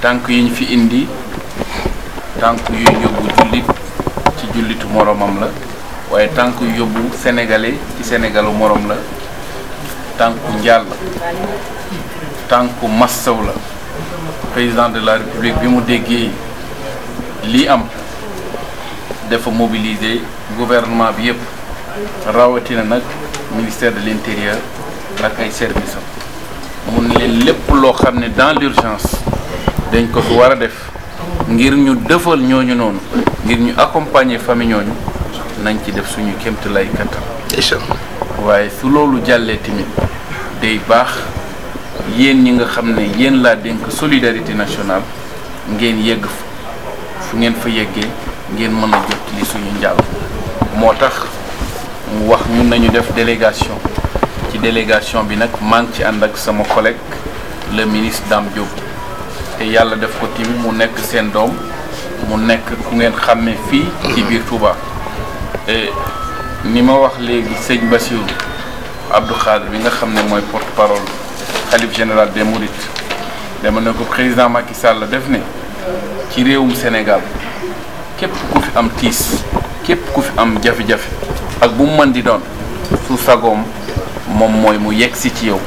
tànk yi ñu fi indi tànk yu yóbbu jullit ci jullitu moroomam la waaye tànk yu yóbbu sénégalais ci sénégalu moroom la tànku njaal la tànku massaw la président de la république bi mu déggee lii am dafa mobiliser gouvernement bi yëpp rawatina nag ministère de l'intérieur ak ay services am mun leen lépp loo xam ne dans l'urgence dañ ko fi war a def ngir ñu defal ñooñu noonu ngir ñu accompagner famille ñooñu nañ ci def suñu kémt lay kattan waaye su loolu jàllee tamit day baax yéen ñi nga xam ne yéen laa dénk solidarité nationale ngeen yegg fu ngeen fa yeggee ngeen mën a jot li suñu njàll moo tax mu wax ñun nañu def délégation ci délégation bi nag maa ngi ci ànd ak sama collègue le ministre Dame Diop te yàlla def ko tamit mu nekk seen doom mu nekk ku ngeen xàmme fii ci biir Touba e, ni ma wax léegi sëñ Bassirou abdu Khadre bi nga xam ne mooy porte parole xalif général des Mourides dama ne ko président Macky Sall def ni ci réewum Sénégal képp ku fi am tiis képp ku fi am jafe-jafe ak bu mu mën di doon su sagoom moom mooy mu yegg si ci yow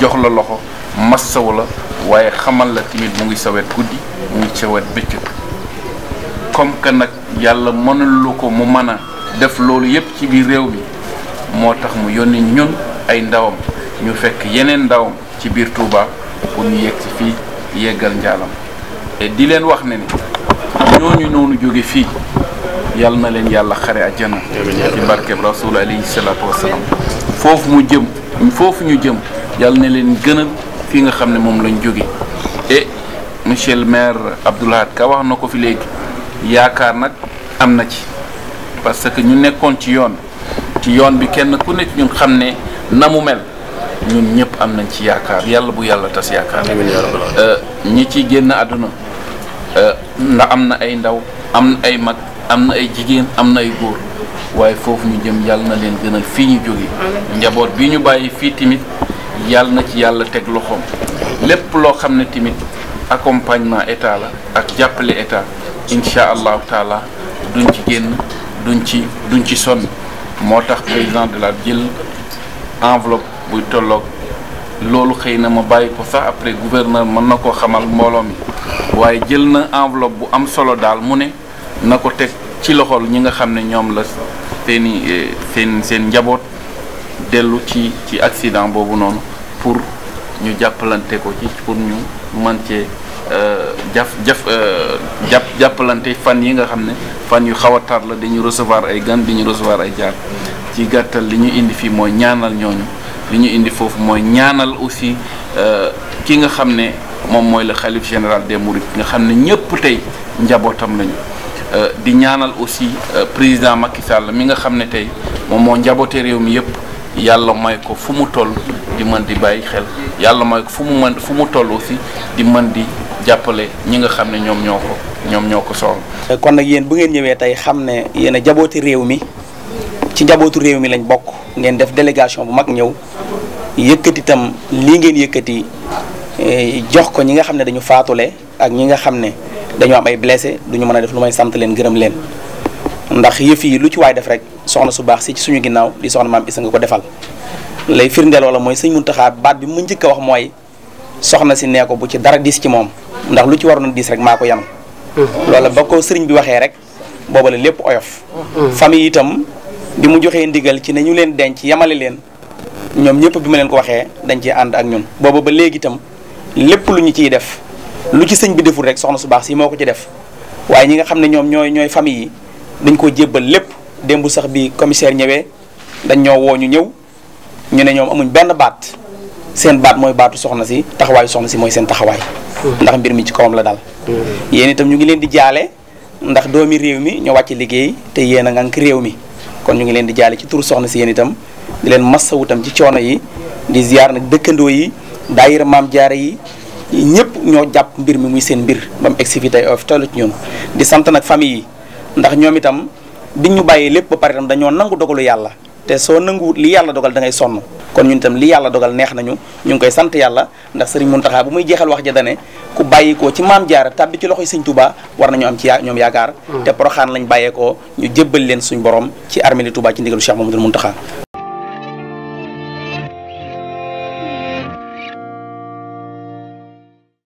jox la loxo massawu la waaye xamal la tamit mu ngi sawet guddi mu ngi sawet bëccëg comme que nag yàlla mënul ko mu mën a def loolu yépp ci biir réew mi moo tax mu yónni ñun ay ndawam ñu fekk yeneen ndawam ci biir Touba pour ñu yegg si fii yeggal njaalam te di leen wax ne ni ñooñu noonu jóge fii yàlla na leen yàlla xare àjjana ci barkeb rasul alayhi salaatu wasalaam foofu mu jëm foofu ñu jëm yàlla na leen gënal fii nga xam ne moom lañ jóge et monsieur le maire Abdoulahat Ka wax na ko fi léegi yaakaar nag am na ci parce que ñu nekkoon ci yoon ci yoon bi kenn ku nekk ñu xam ne na mu mel ñun ñëpp am nañ ci yaakaar yàlla bu yàlla tas yaakaar euh, ñi ci génn àdduna euh, ndax am na ay ndaw am na ay mag am na ay jigéen am na ay góor waaye foofu ñu jëm yàlla na leen gënal fii ñu jóge njaboot bi ñu bàyyi fii tamit yàlla na ci yàlla teg loxoom lépp loo xam ne tamit accompagnement état la ak jàppale état incha allahu taala duñ ci génn duñ ci duñ ci sonn moo tax président de la jël enveloppe buy tolloog loolu xëy na ma bàyyi ko sax après gouverneur mën na koo xamal mbooloo mi waaye jël na enveloppe bu am solo daal mu ne na ko teg ci loxol ñi nga xam ne ñoom la seeni eh, seen seen njaboot dellu ci ci accident boobu noonu pour ñu jàppalante ko ci pour ñu mën cee euh, jaf jaf euh, jàpp jàppalante fan yi nga xam ne fan yu xaw a tar la dañu recevoir ay gan di ñu recevoir ay jaar ci gàttal li ñu indi fii mooy ñaanal ñooñu li ñu indi foofu mooy ñaanal aussi euh, ki nga xam ne moom mooy le xalif général des mourides nga xam ne ñëpp tey njabootam lañu di ñaanal aussi président Macky Sall mi nga xam ne tey moom moo njaboote réew mi yëpp. yàlla may ko fu mu toll di mën di bàyyi xel yàlla may ko fu mu mën fu mu toll aussi di mën di jàppale ñi nga xam ne ñoom ñoo ko ñoom ñoo ko soxla. Eh, kon nag yéen bu ngeen ñëwee tey xam ne yéen a réew mi ci jabootu réew mi lañ bokk ngeen def délégation bu mag ñëw yëkkati itam lii ngeen yëkkati eh, jox ko ñi nga xam ne dañu faatule ak ñi nga xam ne dañu am ay blessé duñu mën a def lu may sant leen gërëm leen. ndax yëf yi lu ci waay def rek soxna su baax si ci suñu ginnaaw di soxna maam isa nga ko defal lay firndeel wala mooy sëñ Muntaxa baat bi mu njëkk a wax mooy soxna si nee ko bu ci dara diis ci moom ndax lu ci waroon a diis rek maa ko yanu loola ba ko sëriñ bi waxee rek booba la lépp oyof famille itam bi mu joxee ndigal ci ne ñu leen denc yemale leen ñoom ñëpp bi ma leen ko waxee dañ ci ànd ak ñun booba ba léegi itam lépp lu ñu ciy def lu ci sëñ bi deful rek soxna su baax si moo ko ci def waaye ñi nga xam ne ñoom ñooy ñooy famille yi dañ koo jébbal lépp démb sax bi commissaire ñëwee dañ ñoo woo ñu ñëw ñu ne ñoom amuñ benn baat seen baat mooy baatu soxna si taxawaayu soxna si mooy seen taxawaay. ndax mbir mi ci kawam la daal. yéen itam ñu ngi leen di jaale ndax doomi réew mi ñoo wàcc liggéey te yéen a ngànk réew mi kon ñu ngi leen di jaale ci turu soxna si yéen itam di leen masawu itam ci coono yi di ziar nag dëkkandoo yi daayira maam jaare yi. ñëpp ñoo jàpp mbir mi muy seen mbir ba mu egsi ci ñun di sant nag famille yi ndax ñoom itam di ñu bàyyi lépp ba pare itam dañoo nangu dogalu yàlla te soo nanguwut li yàlla dogal da ngay sonn kon ñun itam li yàlla dogal neex nañu ñu ngi koy sant yàlla ndax sëriñ taxaa bu muy jeexal wax ja dane ku bàyyi ko ci maam jaara tàbbi ci loxo sëñ tubaa war nañu am ci ñoom yaakaar mm. te poroxaan lañ bàyyeekoo ñu jébbal leen suñ borom ci armée tubaa ci ndigalu Cheikh Mamadou Muntaxa